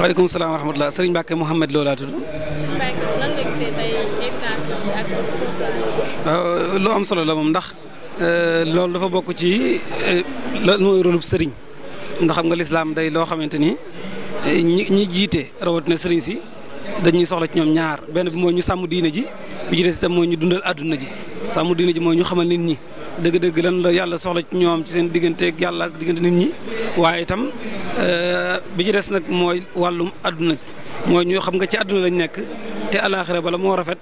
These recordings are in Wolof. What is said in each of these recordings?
waaleykum salaam wa sëriñ Mbacke Mouhamed Lo laa tudd. lu am solo la moom ndax euh, loolu dafa bokk ci euh, lan mooy rôlub sëriñ ndax xam nga lislaam day loo xamante ni ñi ñi jiite rawatina sëriñ si dañuy soxla ci ñoom ñaar benn bi mooy ñu sàmm diine ji bi ci des itam mooy ñu dundal àdduna ji sàmm diine ji mooy ñu xamal nit ñi. dëgg-dëgg lan la yàlla soxla ci ñoom ci seen digganteeg yàlla ak diggante nit ñi waaye itam euh, bi ci des nag mooy wàllum àdduna si mooy ñu xam nga ci àdduna lañ nekk te alaaxira bala moo rafet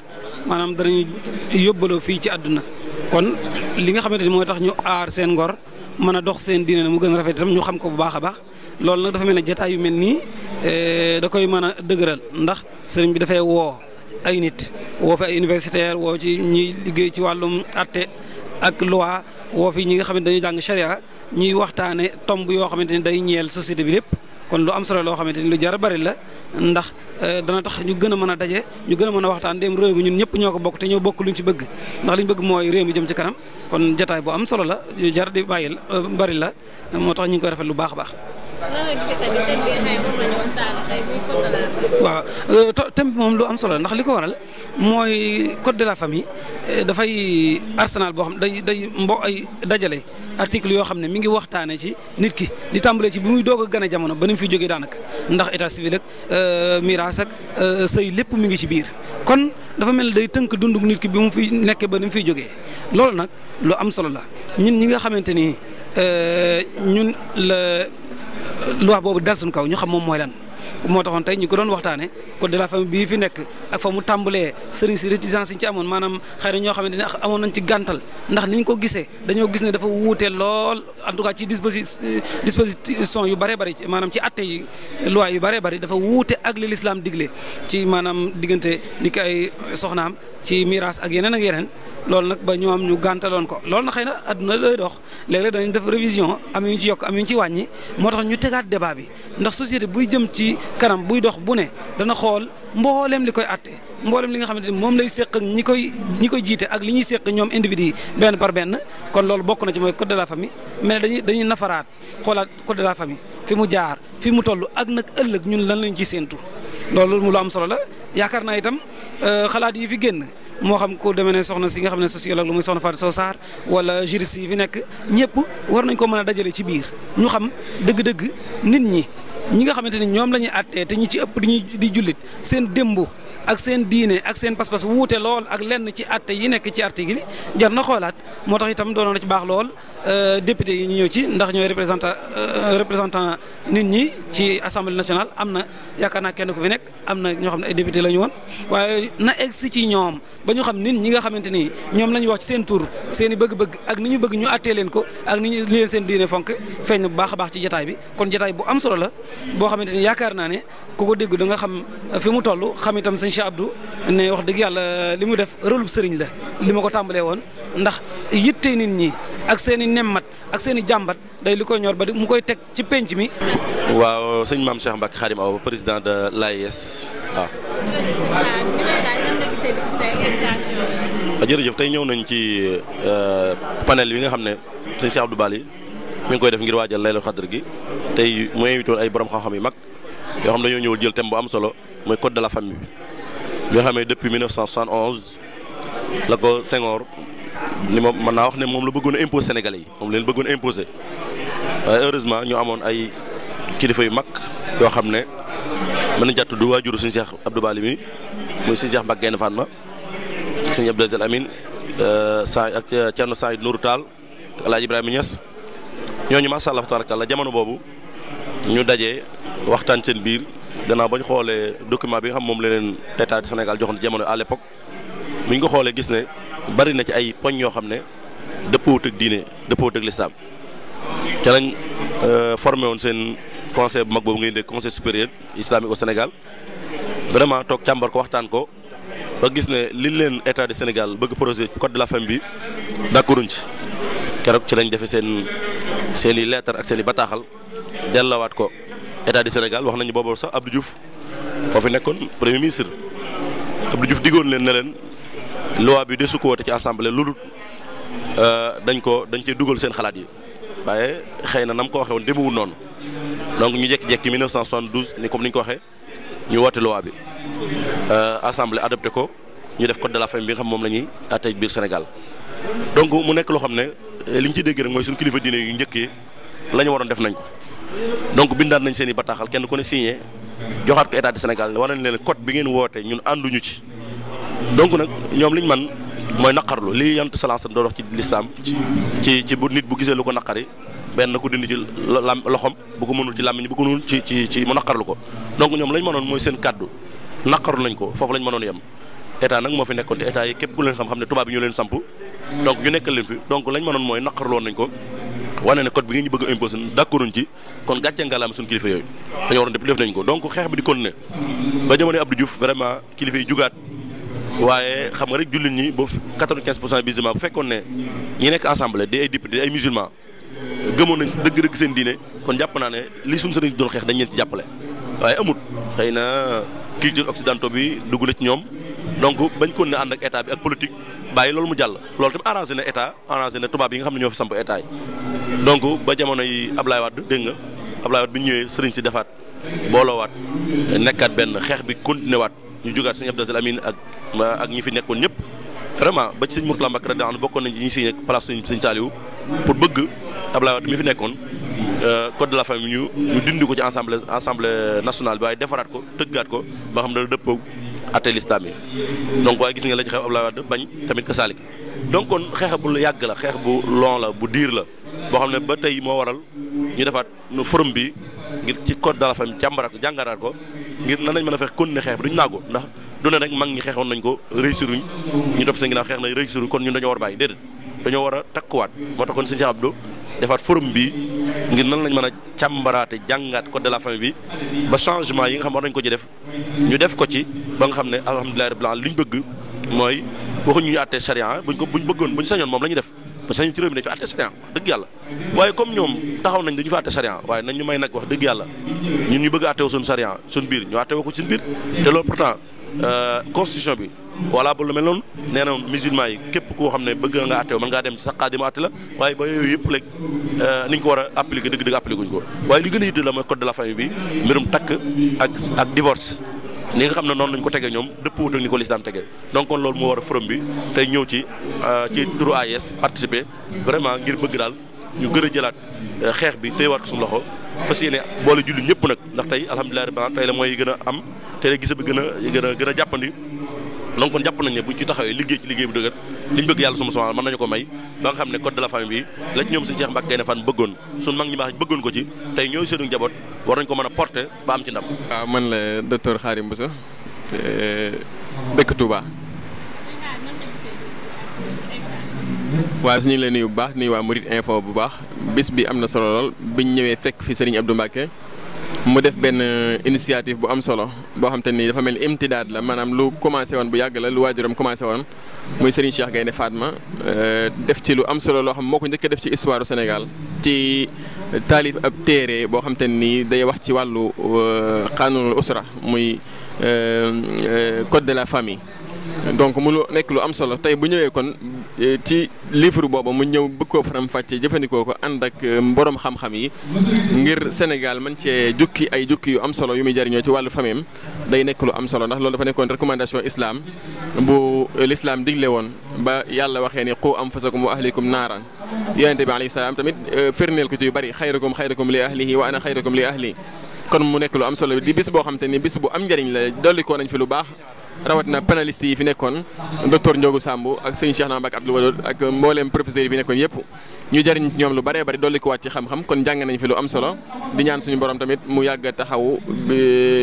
maanaam danañu yóbbaloo fii ci àdduna kon li nga xamante ni mooy tax ñu aar seen ngor mën a dox seen diine mu gën a rafet itam ñu xam ko bu baax a baax loolu nag dafa mel ne jataay yu mel nii euh, da koy mën a dëgëral ndax sëriñ bi dafay woo ay nit woo fi ay universitaire ci wàllum atte ak loi woo fi ñi nga xamante dañu jàng sharia ñuy waxtaane tomb yoo xamante ni day ñeel société bi lépp kon lu am solo loo xamante ni lu jar a bari la ndax euh, dana tax ñu gën a mën a daje ñu gën a mën a waxtaan dem réew mi ñun ñëpp ñoo ko bokk te ñoo bokk luñ ci bëgg ndax liñ bëgg mooy réew mi jëm ci kanam kon jataay bu am solo la jar di bàyyi euh, bari la moo tax ñu ngi koy rafet lu baax a baax waaw euh, thème moom lu am solo ndax li ko waral mooy code de la famille euh, dafay arsenal boo xam day day mbo ay dajale article yoo xam ne mi ngi waxtaane ci nit ki di tàmbalee ci bi muy doog a gën jamono ba ni mu fi jógee daanaka ndax état civil ak euh, miraas ak sëy lépp mu ngi ci biir kon dafa mel ne day tënk dunduk nit ki bi mu fi nekkee ba ni mu jógee loolu nag lu am solo la ñun ñi nga xamante ni ñun la loi boobu dal suñ kaw ñu xam moom mooy lan. moo taxoon tey ñu ko doon waxtaane code de fa famille bii fi nekk ak fa mu tàmbalee sëriñ si réticence yi ñu ci amoon maanaam xëy na ñoo xamante ne amoon nañ ci gàntal ndax niñ ko gisee dañoo gis ne dafa wuute lool en tout cas ci disposi disposition yu bëree bëri maanaam ci atte yi loi yu bëree bëri dafa wuute ak li lislaam digle ci maanaam diggante ni ko soxnaam ci miraas ak yeneen ak yeneen loolu nag ba am ñu gàntaloon ko loolu na xëy na adduna looy dox léeg-léeg danañ def révision am yu ñu ci yokk am yu ñu ci wàññi moo tax ñu tegaat débat bi ndax société buy jëm ci kanam buy dox bu ne dana xool mbooleem li koy atte mboolem li nga xamante ni moom lay séq ak ñi koy ñi koy jiite ak li ñuy séq ñoom individu benn par benn kon loolu bokk na ci mooy code de la mais dañuy dañuy nafaraat xoolaat code la famille fi mu jaar fi mu toll ak nag ëllëg ñun lan lañ ci séentu loolu mu lu am solo la yaakaar naa itam euh, xalaat yi fi génn moo xam ku demee ne soxna si nga xam ne sociologue lu muy soxna Fatou Sow saar wala juriste yi fi nekk ñëpp war nañ ko mën a dajale ci biir ñu xam dëgg-dëgg nit ñi ñi nga xamante ni ñoom la ñuy àttee te ñi ci ëpp di di jullit seen démb ak seen diine ak seen pas-pas wuute lool ak lenn ci àtte yi nekk ci article yi jar na xoolaat moo tax itam doonoon na ci baax lool euh, député yi ñu ñëw ci ndax ñooy représentant euh, représentant nit ñi ci assemblée nationale am na. yaakaar naa kenn ko fi nekk am na ñoo xam ne ay député la woon waaye na egg si ci ñoom ba ñu xam nit ñi nga xamante ni ñoom la ñu wax ci seen tur seeni bëgg-bëgg ak ni ñu bëgg ñu àttee leen ko ak ni ñu leen seen diine fonk feeñ na bu baax ci jataay bi kon jataay bu am solo la boo xamante ni yaakaar naa ne ku ko dégg da nga xam fi mu tollu xam itam sëñ Cheikh Abdou ne wax dëgg yàlla li mu def rëlub sëriñ la li ma ko tàmbalee woon ndax yitte nit ñi ak seen i nemmat ak seeni jàmbat day li koy ñor ba mu koy teg ci penc mi. waaw sëñ maam Cheikh Mbacke Khadim Awa président de l'AIS waaw. jërëjëf tey ñëw nañ ci euh, panel bi nga xam ne sëñ du Abdou Bali mi ngi koy def ngir waajal laylu xadr gi tey mu invité ay borom xam-xam yu mag yoo xam ne ñëwul jël thème bu am solo mooy code de la famille yoo xam ne depuis 1971 la ko Senghor. li moom mën naa wax ne moom la bëggoon a imposer Sénégalais yi moom leen bëggoon a waaye heureusement ñu amoon ay kilifa yu mag yoo xam ne mën na jàtt du waajuru suñu Cheikh Abdou Bali mi muy suñu Cheikh Mbacke Gaynde Fatma ak suñu Abdou Aziz Amin euh, saa ak Thierno Saïd Nourou Tall ak El Hadj Ibrahima Niass ñooñu allah tabarakallah jamono boobu ñu daje waxtaan seen biir gannaaw ba ñu xoolee document bi xam moom la leen état du Sénégal joxoon jamono à l'époque bu ñu xoole gis ne bari na ci ay poñ yoo xam ne dëppoowut ak diine dëppoowut ak lislaam ca lañ euh, formé woon seen conseil bu mag boobu ngay dégg conseil supérieur islamique au Sénégal toog càmbar waxtaan ko ba gis ne li leen état du Sénégal bëgg projet code de la famille bi d'accorduñ ci keroog ci lañ defe seen seen i leetar ak seen i bataaxal dellawaat ko état du Sénégal wax nañu boobu sax Abdou Diouf foo fi nekkoon premier ministre Abdou Diouf leen ne leen loi bi desu ko woote ci assemblée lu euh, dañ ko dañ cee dugal seen xalaat yi waaye xëy na nam ko waxee woon noonu donc ñu jékki-jékki 1972 ni comme ni ñu ko waxee ñu woote loi bi euh, assemblée adopté ko ñu def code de la famille bi nga xam moom la ñuy àtte biir Sénégal donc mu nekk loo xam ne euh, li ñu ci dégg rek mooy suñu kilifa diine yu njëkk yi la ñu waroon def nañ ko donc bindaat nañ seen i bataaxal kenn ku ne signé joxaat ko état du Sénégal ne war nañ leen code bi ngeen woote ñun ànduñu ci donc nag ñoom liñ man mooy naqarlu lii yant salaasan doo dox ci ci ci bu nit bu gisee lu ko benn ku dindi ci lam loxom bu ko mënul ci làmmiñ bu ko ci ci ci mu naqarlu ko donc ñoom lañ mënoon mooy seen kàddu naqarlu nañ ko foofu lañ mënoon yem état moo fi nekkoon te état yi képp ku leen xam-xam ne tubaab yi ñu leen samp donc nekkal leen fi donc lañ mënoon mooy naqarloon nañ ko wane ne code bi ngeen ñu bëgg a imposé d'accorduñ ci kon gàcce ngalaam suñu kilifa yooyu dañoo waroon def def nañ ko donc xeex bi di continuer ba jamono Abdou Diouf vraiment kilifa yi jugaat waaye xam nga rek jullit ñi ba quatre-vingt-quinze pour musulman bu fekkoon ne ñi nekk assemblée di ay député di ay musulman gëmoon nañ dëgg-dëgg seen diine kon jàpp naa ne li suñ sëriñ doon xeex dañ leen ci jàppale waaye amut xëy na culture occidentaux bi dugg na ci ñoom donc bañ kon ne ànd ak état bi ak politique bàyyi loolu mu jàll loolu tamit arrangé na état arrangé na tubaab yi nga xam ne ñoo fi samp état yi donc ba jamono yi Ablaye Wade dégg nga Ablaye Wade bi ñëwee sëriñ si defaat booloowaat nekkaat benn xeex bi continué waat ñu jugaat sëñ Abdou Amin ak ak ñi fi nekkoon ñëpp vraiment ba ci sëñ Mourtala Mbacke radiyallahu anhu bokkoon nañ ci ñi si nekk place sëñ sëñ Saliou pour bëgg mi fi nekkoon euh, code de la famille ñu ñu dindi ko ci assemblée assemblée nationale bi waaye defaraat ko tëggaat ko ba xam da dëppoo atte lislaam yi donc waaye gis nga la ci xew Abdoulaye Wade bañ tamit ka saalik donc kon xeex bu yàgg la xeex bu long la bu diir la boo xam ne ba tey moo waral ñu defaat forum bi. ngir ci code de la famille jàmbaraat ko jàngaraat ko ngir nan lañ mën a fex kon ne xeex bi duñ naagu ndax du ne rek mag ñi xeexoon nañ ko réussir uñ ñu topp seen ginnaaw xeex na réussir uñ kon ñu dañoo war a bàyyi déedéet dañoo war a takkuwaat moo tax kon sëñ Cheikh Abdou defaat forum bi ngir nan lañ mën a càmbaraate jàngaat code de la famille bi ba changement yi nga xam war nañ ko ci def ñu def ko ci ba nga xam ne alhamdulilah rabbil alamin li ñu bëgg mooy waxuñu ñu àttee charia buñ ko buñ bëggoon buñ sañoon moom la ñu def parce que ñu ci réew mi dañu fi àtte sariya wax dëgg yàlla waaye comme ñoom taxaw nañ dañu fi àtte sariya waaye nañ may nag wax dëgg yàlla ñun ñu bëgg a àtteewu suñu sariya suñu biir ñu àtteewu ko suñu biir te loolu pourtant euh, constitution bi voilà ba lu mel noonu nee na musulman yi képp koo xam ne bëgg nga àtteewu mën ngaa dem ci sa xaadima àtte la waaye ba yooyu yëpp léegi euh, ni ñu ko war a appliquer dëgg-dëgg appliquer ko waaye li gën a yitte la mooy code de la famille bi mbirum takk ak ak ni nga xam ne noonu lañ ko tegee ñoom dëpp wut ak ni ko lislaam tegee donc kon loolu moo war a forum bi tey ñëw ci euh, ci turu AIS e participer vraiment ngir bëgg daal ñu gën a jëlaat euh, xeex bi tey war ko suñu loxo fas yéene boole julli ñëpp nag ndax tey alhamdulilah rabbil alamin tey la mooy gën a am tey la gisa bi gën a gën a gën a jàppandi donc kon jàpp nañ ne buñ ci taxawee liggéey ci liggéey bu dëgër liñ bëgg yàlla suma subhaanahu man nañu ko may ba nga xam ne code de la famille bi la ci ñoom suñu Cheikh Mbacke Gaynde Fatma bëggoon suñ mag ñi baax bëggoon ko ci tey ñooy seenu njaboot war nañ ko mën a porter ba am ci ndam waaw man la docteur xaari Bousso dëkk Touba waaw su ñu leen nuyu bu baax nii waa Mouride info bu baax bis bi am na solo lool biñ ñëwee fekk fi Serigne Abdou Mbacke mu def ben initiative bu am solo bo xamanteni dafa mel imtidad la manam lu commencé won bu yag la lu wajuram commencé won muy Serigne Cheikh gayne Fatma def ci lu am solo lo xam moko ko def ci histoire du Sénégal ci talif ab téré bo xamanteni day wax ci wàllu xaanunul usra muy code de la famille. donc mu lu nekk lu am solo tay bu ñewé kon ci livre bobu mu ñëw bëgg ko faram faccé jëfëndiko ko ànd ak mborom xam-xam yi ngir Sénégal man ci jukki ay jukki yu am solo yu mi jariñoo ci walu famem day nek lu am solo ndax loolu dafa nekkon recommandation islam bu l'islam digle won ba yàlla waxé ni qu anfusakum wa ahlikum naran yonente bi alayhi salam tamit fernel ko ci yu bari xayrakum xayrakum li ahlihi wa ana xayrakum li ahli kon mu nek lu am solo di bis bo xamanteni bis bu am njariñ la doliko nañ fi lu bax rawat na panelist yi fi nekkon docteur ndiogu sambu ak sëñ Cheikh nambak Abdou Wadoud ak mbollem professeur yi fi nekkoon yëpp ñu jëriñ ñom lu bare bare dolli ko waat ci xam-xam kon jàng nañ fi lu am solo di ñaan suñu borom tamit mu yag taxaw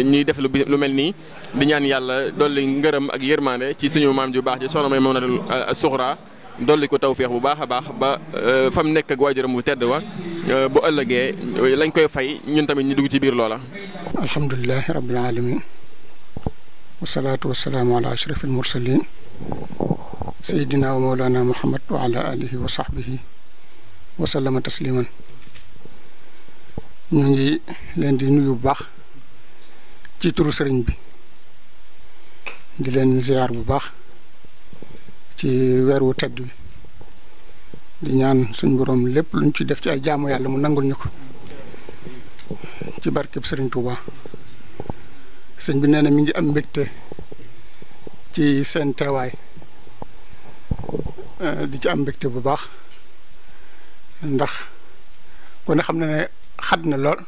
ñi def lu lu melni di ñaan yàlla doli ngërëm ak yermane ci suñu mam ju bax ci solo may mamadou na suxraa dolli ko tawféex bu baakha a baax ba fam nekk ak wajuram bu tedd wa bu ëllëgé lañ koy fay ñun tamit ñi dugg ci biir loola alhamdulilah rabbil alamin والصلاة والسلام على أشرف المرسلين سيدنا ومولانا محمد وعلى آله وصحبه وسلم تسليما نيجي لين دي نيو باخ تي تورو سيرن بي دي لين زيار بو باخ تي ويرو تاد بي دي نيان سون بروم لب لون تي ديف تي اي جامو يالله مو نانغول نيكو تي باركيب سيرن توبا sëñ bi nee na mi ngi am mbégte ci seen teewaay eh, di ci am mbégte bu baax ndax ku ne xam na ne xat na lool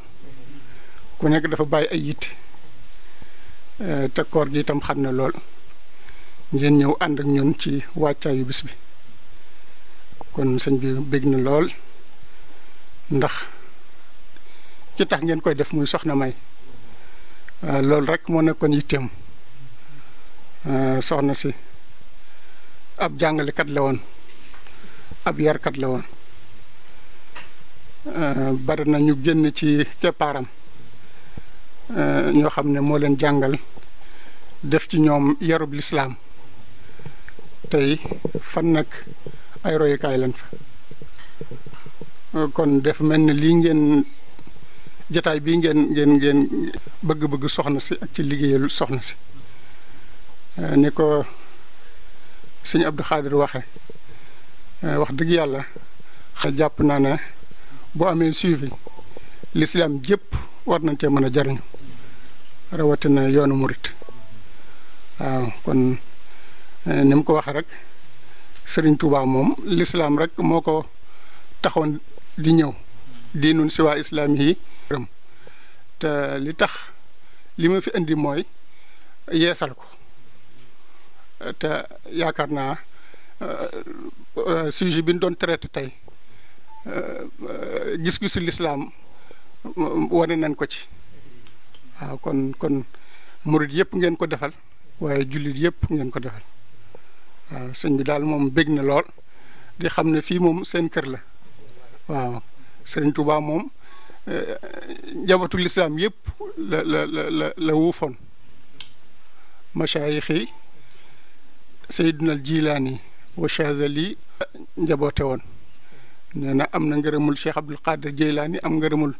ku nekk dafa bàyyi ay yitt eh, te koor gi itam xat na lool ngeen ñëw ànd ak ñun ci wàccaayu bis bi kon sëñ bi bég na lool ndax ci tax ngeen koy def muy soxna May. Euh, loolu rek moo nekkoon yitteem euh, soxna si ab jàngalekat la woon ab yarkat la woon euh, bari na ñu génn ci keppaaram ñoo xam ne moo leen jàngal def ci ñoom yarub lislaam tey fan nag ay royukaay lañ fa kon def mel ni lii ngeen jataay bii ngeen ngeen ngeen bëgg-bëgg soxna si ak ci liggéeyal soxna si eh, ni ko sëñ Abdou Khadir waxe eh, wax dëgg yàlla xa jàpp naa ne boo amee suivi lislaam jépp war nañ cee mën a jariñu rawatina yoonu murit waaw kon eh, ni mu ko waxe rek sëriñ Tuubaa moom lislaam rek moo ko taxoon di ñëw diinun siwaa islaami yi te li tax li ma fi indi mooy yeesal ko te yaakaar naa euh, euh, sujet bi ñu doon traité tey euh, gis-gisu lislaam wane nañ ko ci waaw kon kon murit yëpp ngeen ko defal waaye jullit yëpp ngeen ko defal waaw sëñ bi daal moom bég na lool di xam ne fii moom seen kër la waaw Serigne Touba moom eh, njabootu lislaam yëpp la la la la wuufoon machaayix yi Jilaani wa Chazali njaboote woon nee na am na ngërëmul Cheikh Abdul Qadir Jeylaani am ngërëmul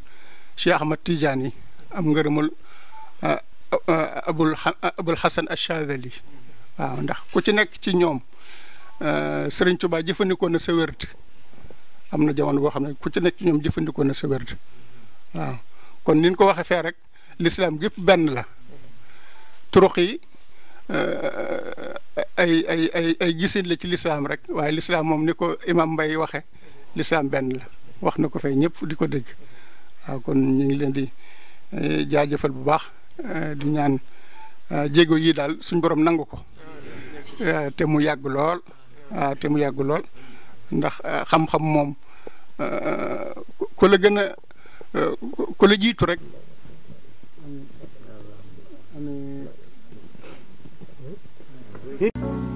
Cheikh Ahmad Tijaani am ngërëmul eh, eh, abul abul Xasan Achazali waaw ndax ku ci nekk ci ñoom Serigne Touba jëfandikoo na sa wérd am na jamono boo xam ne ku ci nekk ñoom jëfandikoo na sa waaw kon ni ko waxe fee rek lislaam gépp benn la turuq yi eh, ay ay ay ay gisin la ci lislaam rek waaye lislaam moom ni ko imam Mbay waxe lislaam benn la wax na ko fay ñëpp di ko dégg waaw kon ñu ngi leen di eh, jaajëfal bu baax eh, di ñaan jéego yii daal suñ boroom nangu ko te mu yàgg lool waaw te mu yàgg lool ndax xam-xam moom ku la gën a ku la jiitu rek Thank you.